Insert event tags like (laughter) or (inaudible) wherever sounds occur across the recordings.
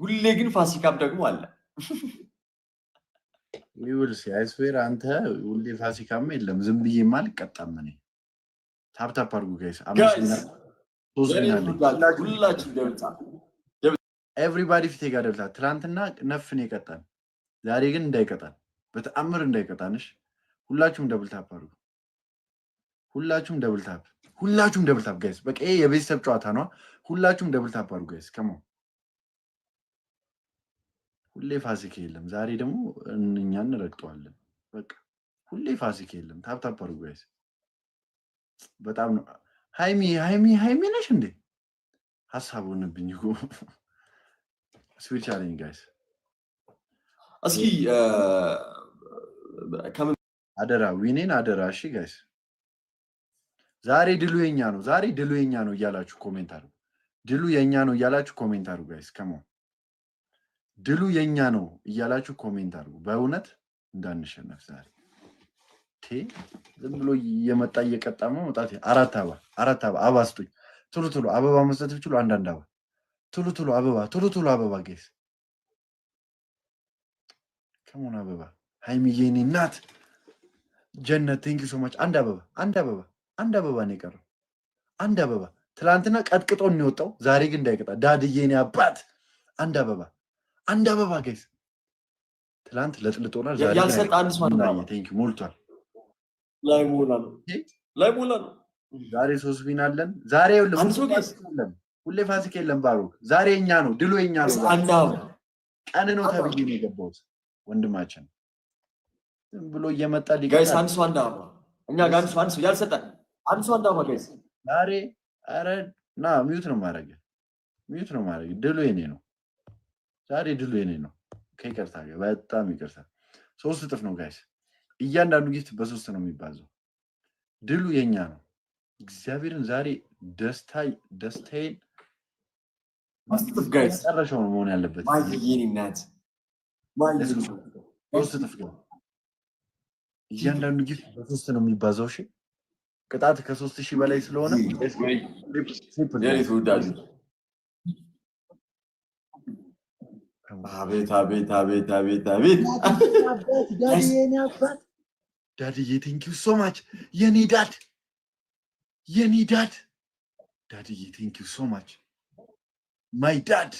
ሁሌ ግን ፋሲካም ደግሞ አለ ይውል አይስዌር አንተ ሁሌ ፋሲካም የለም። ዝም ብዬማ አልቀጣም። እኔ ታፕታፕ አድርጉ ጋይስ። ኤቭሪባዲ ፊቴ ጋር ደብታ። ትላንትና ነፍን የቀጣን ዛሬ ግን እንዳይቀጣን በተአምር እንዳይቀጣንሽ። ሁላችሁም ደብል ታፕ አድርጉ። ሁላችሁም ደብል ታፕ፣ ሁላችሁም ደብል ታፕ ጋይስ። በቃ የቤተሰብ ጨዋታ ነዋ። ሁላችሁም ደብል ታፕ አድርጉ ጋይስ ከመሆን ሁሌ ፋሲካ የለም። ዛሬ ደግሞ እኛ እንረግጠዋለን። በቃ ሁሌ ፋሲካ የለም። ታፕታፕ አድርጉ ጋይስ። በጣም ነው ሃይሚ ሃይሚ ሃይሚ ነሽ እንዴ? ሀሳብ ሆንብኝ እኮ ስፒሪቻለኝ ጋይስ። እስኪ አደራ ዊኔን አደራ። እሺ ጋይስ ዛሬ ድሉ የኛ ነው፣ ዛሬ ድሉ የኛ ነው እያላችሁ ኮሜንት አድርጉ። ድሉ የኛ ነው እያላችሁ ኮሜንት አድርጉ ጋይስ ከመሆን ድሉ የኛ ነው እያላችሁ ኮሜንት አድርጉ። በእውነት እንዳንሸነፍ ዛሬ ዝም ብሎ እየመጣ እየቀጣማ መውጣት። አራት አባ አራት አባ አባ ስጡኝ። ቶሎ ቶሎ አበባ መስጠት ብችሉ አንዳንድ አባ ቶሎ ቶሎ አበባ ቶሎ ቶሎ አበባ ጌስ ከመሆን አበባ ሀይሚዬ የኔ እናት ጀነት ቴንኪ ሶማች። አንድ አበባ አንድ አበባ አንድ አበባ ነው የቀረው። አንድ አበባ ትላንትና ቀጥቅጦ የሚወጣው ዛሬ ግን እንዳይቀጣ ዳድዬ የኔ አባት አንድ አበባ አንድ አበባ ጋይስ ትላንት ለጥልጦናል። ያልሰጠ አንድ ሞልቷል። ላይ ሞላ ነው፣ ላይ ሞላ ነው። ዛሬ ሶስት ቢን አለን። ዛሬ ሁሌ ፋሲካ የለም። ባሮክ ዛሬ እኛ ነው፣ ድሎ እኛ ነው። ቀን ነው ተብዬ ነው የገባሁት። ወንድማችን ብሎ እየመጣ ጋይስ አንሱ፣ አንድ አበባ እኛ ጋር አንሱ፣ አንሱ፣ ያልሰጠ አንሱ፣ አንድ አበባ ጋይስ ዛሬ። ኧረ ና ሚዩት ነው ማድረግ፣ ሚዩት ነው ማድረግ። ድሎ የኔ ነው ዛሬ ድሉ የኔ ነው። ከይቅርታ በጣም ይቅርታ። ሶስት እጥፍ ነው ጋይስ። እያንዳንዱ ጊፍት በሶስት ነው የሚባዘው። ድሉ የኛ ነው። እግዚአብሔርን ዛሬ ደስታ ደስታዬን መጨረሻው ነው መሆን ያለበት። ሶስት እጥፍ እያንዳንዱ ጊፍት በሶስት ነው የሚባዘው። ቅጣት ከሶስት ሺህ በላይ ስለሆነ አቤት አቤት አቤት አቤት አቤት ዳድዬ ቴንኪው ሶ የኔ ዳድ የኔ ዳድ ዳድዬ ቴንኪው ሶ ማይ ዳድ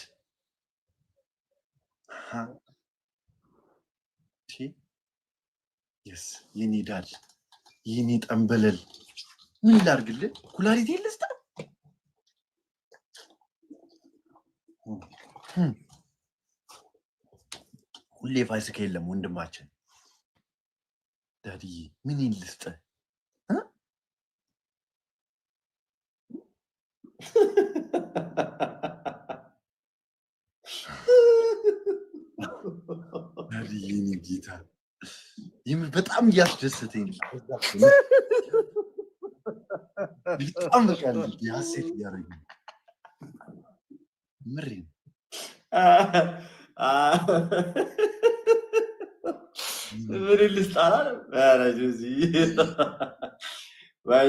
የስ የኔ ዳድ የኔ ጠንበለል ምን ላርግልን? ኩላሊቴን ልስጣ ሁሌ ፋሲካ የለም ወንድማችን። ዳድዬ ምን ይልስጠ ዳድዬ ጌታ ይህም በጣም እያስደሰተኝ በጣም በቃ ሀሴት እያደረገ ምሬ Very list are where I just I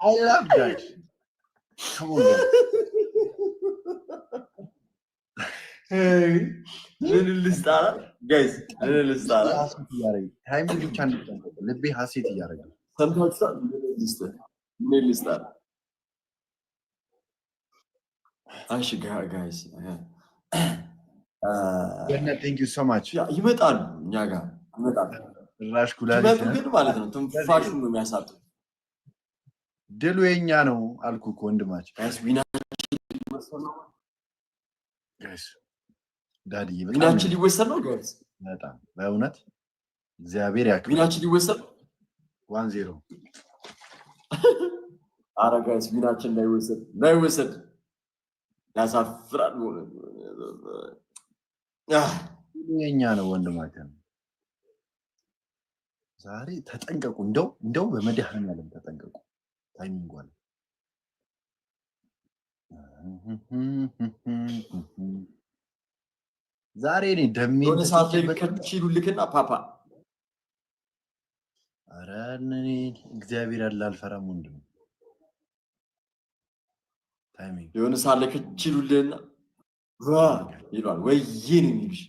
love that. Come on. hey. Very list guys. Very list are. Time you can. Let me hasit yarı. Sen kaçsan? Liste. Ne liste? እሺ ጋይስ ቴንክ ዩ ሶ ማች ይመጣሉ፣ እኛ ጋር ይመጣሉ። ግን ማለት ነው ትንፋሹን ነው የሚያሳጡት። ድሉ የኛ ነው አልኩ እኮ ወንድማችን ዊናችን ሊወሰድ ነው። በጣም በእውነት እግዚአብሔር ሊወሰድ ዋን ዜሮ (laughs) አረ ጋይስ እንዳይወሰድ እንዳይወሰድ ያሳፍራል። የኛ ነው ወንድማችን። ዛሬ ተጠንቀቁ፣ እንደው እንደው ተጠንቀቁ። ዛሬ እኔ ደሜ ልክና ፓፓ ኧረ እኔ እግዚአብሔር የሆነ ሳለ ከችሉልና ይሏል ወይን የሚልሽ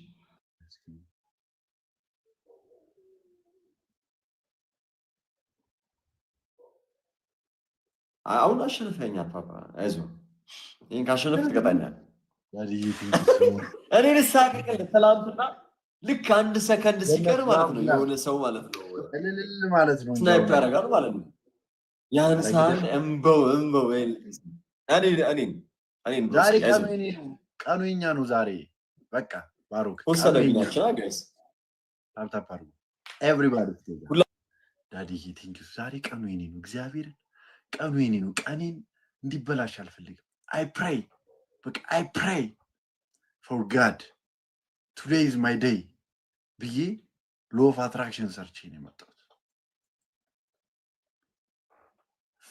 አሁን አሸንፈኛል። ፓፓ አይዞህ፣ ይህን ካሸነፍ ትቀጣኛል። እኔ ልሳቅቅል ትላንትና ልክ አንድ ሰከንድ ሲቀር ማለት ነው የሆነ ሰው ማለት ነው ማለት ነው ስናይፕ ያደርጋል ማለት ነው። ያን ሰዓት እንበው እንበው ዛሬ ቀኑ የኛ ነው። ዛሬ በቃ ባሮክ ታፕታፕ ኤቭሪባዲ። ዳዲዬ ቴንኪው። ዛሬ ቀኑ የኔ ነው። እግዚአብሔር ቀኑ የኔ ነው። ቀኔን እንዲበላሽ አልፈልግም። አይ ፕራይ በቃ አይ ፕራይ ፎር ጋድ ቱዴይ ኢዝ ማይ ደይ ብዬ ሎ ኦፍ አትራክሽን ሰርቼ ነው የመጣሁት።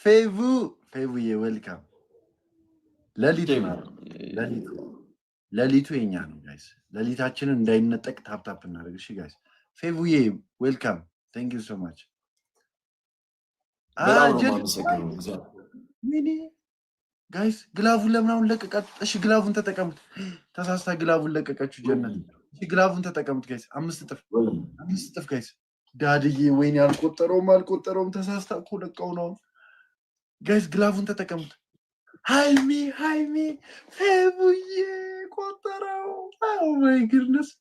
ፌቡ ፌቡዬ ዌልካም ለሊቱ የኛ ነው ጋይስ። ለሊታችንን እንዳይነጠቅ ታፕታፕ እናደርግ። እሺ ጋይስ። ፌቡዬ ዌልካም ታንክ ዩ ሶ ማች። ጋይስ ግላቡን ለምናምን ለቀቃት። እሺ ግላቡን ተጠቀሙት። ተሳስታ ግላቡን ለቀቀችው ጀነት። ግላቡን ተጠቀሙት ጋይስ። አምስት እጥፍ አምስት እጥፍ ጋይስ። ዳድዬ ወይኔ አልቆጠረውም አልቆጠረውም። ተሳስታ እኮ ለቀው ነው ጋይስ። ግላቡን ተጠቀሙት Jaime, Jaime, Febuye, Kotarao, Alma, Girnas,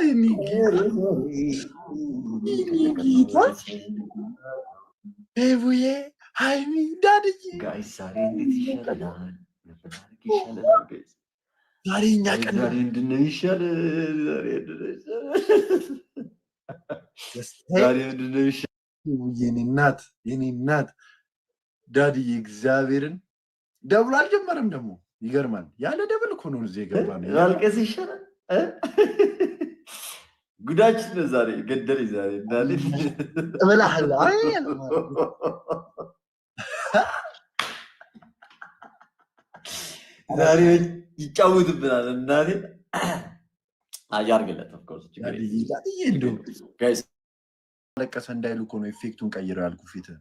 Nikita, Febuye, Jaime, Daddy. Guys, sorry, it's Shaladan. ዛሬ እኛ ቀን ዛሬ እንድነው ይሻላል። ዛሬ እንድነው ይሻላል። ዛሬ እንድነው ይሻላል። የኔ እናት የኔ እናት ዳዲ እግዚአብሔርን ደብሎ አልጀመረም። ደግሞ ይገርማል። ያለ ደብል እኮ ነው እዚህ የገባ ነው። ያልቀስ ይሻላል። ጉዳችን ዛሬ ገደል ዛሬ እንዳለ እብላሃል። ዛሬ ይጫወትብናል። እናቴ አያርግለት ለቀሰ እንዳይሉ እኮ ነው ኤፌክቱን ቀይረው ያልኩ ፊትህን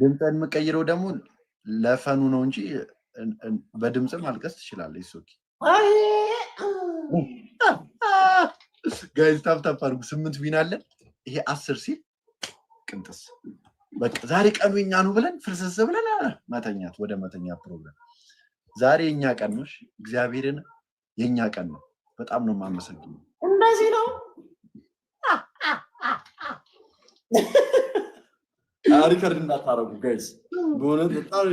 ድምፅን የምቀይረው ደግሞ ለፈኑ ነው እንጂ በድምፅ ማልቀስ ትችላለህ። ሶኪ ጋይዝ ታፕታፕ አድርጉ። ስምንት ቢና አለን። ይሄ አስር ሲል ቅንጥስ በቃ ዛሬ ቀኑ እኛ ነው ብለን ፍርስስ ብለን መተኛት ወደ መተኛ ፕሮግራም። ዛሬ የኛ ቀን ነው። እግዚአብሔርን የእኛ ቀን ነው። በጣም ነው የማመሰግነው። እንደዚህ ነው ሪከርድ እንዳታረጉ ጋይስ፣ በእውነት በጣም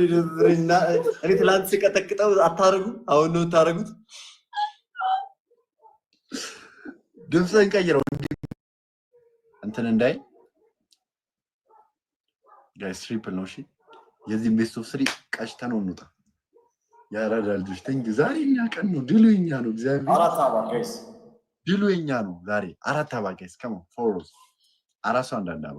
እኔ ትላንት ስቀጠቅጠው አታረጉ። አሁን ነው የምታረጉት። ድምፅህን ቀይረው እንትን እንዳይ ጋይስ። ትሪፕል ነው እሺ። የዚህ ቤስት ኦፍ ስሪ እንውጣ። ልጆች ዛሬ እኛ ቀን ነው፣ ድሉ የኛ ነው። እግዚአብሔር አራት አባ ጋይስ፣ ድሉ የኛ ነው ዛሬ። አራት አባ ጋይስ አራሷ አንዳንድ አባ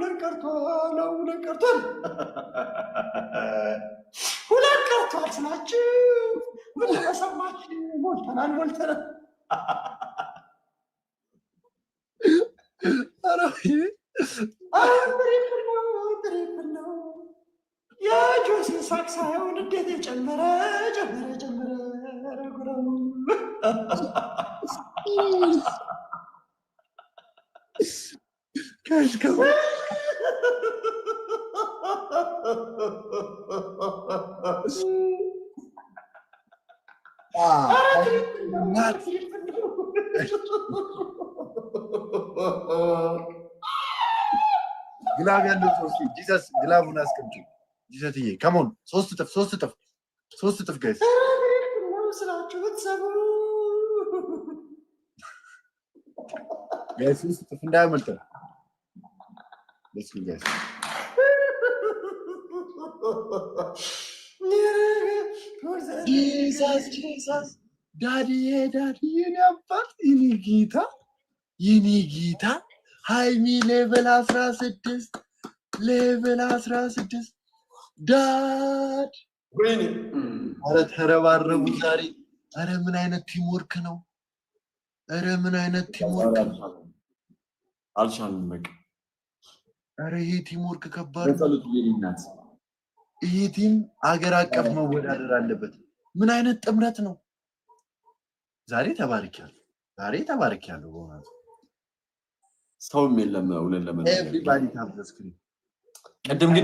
ሁለት ቀርቷል፣ ሁለት ቀርቷል፣ ሁለት ቀርቷል ስላችሁ ምን ለሰማችሁ ሞልተናል፣ ሞልተናል። አሁን ትሪፕል ነው፣ ትሪፕል ነው። የጆሴ ሳቅ ሳይሆን እንዴት የጨመረ ጨመረ ጨመረ ረጉረሙ guys, ah, not. ግላብ ያለው ሰው እስኪ ጂሰስ ግላቡን አስቀምጪ። ጂሰስዬ ከሞን ሶስት እጥፍ ሶስት እጥፍ ሶስት እጥፍ ጋይስ ስራችሁ ብትሰሩ ጋይስ ሶስት እጥፍ እንዳያመልጥ Let's go, guys. ጂዛስ ጂዛስ ዳድዬ ዳድዬ የኔ አባት ጌታ የኔ ጌታ ሃይሚ ሌቨል አስራ ስድስት ሌቨል አስራ ስድስት ዳድ ወይኔ ተረባረቡ ዛሬ አረ ምን አይነት ቲምወርክ ነው አረ ምን አይነት ቲምወርክ አልቻልንም በቃ አረ ይሄ ቲምወርክ ከባድ ይህ ቲም አገር አቀፍ መወዳደር አለበት። ምን አይነት ጥምረት ነው? ዛሬ ተባርኪያለሁ፣ ዛሬ ተባርኪያለሁ። በእውነት ሰውም የለም። ሁለን ለመ ቅድም ግን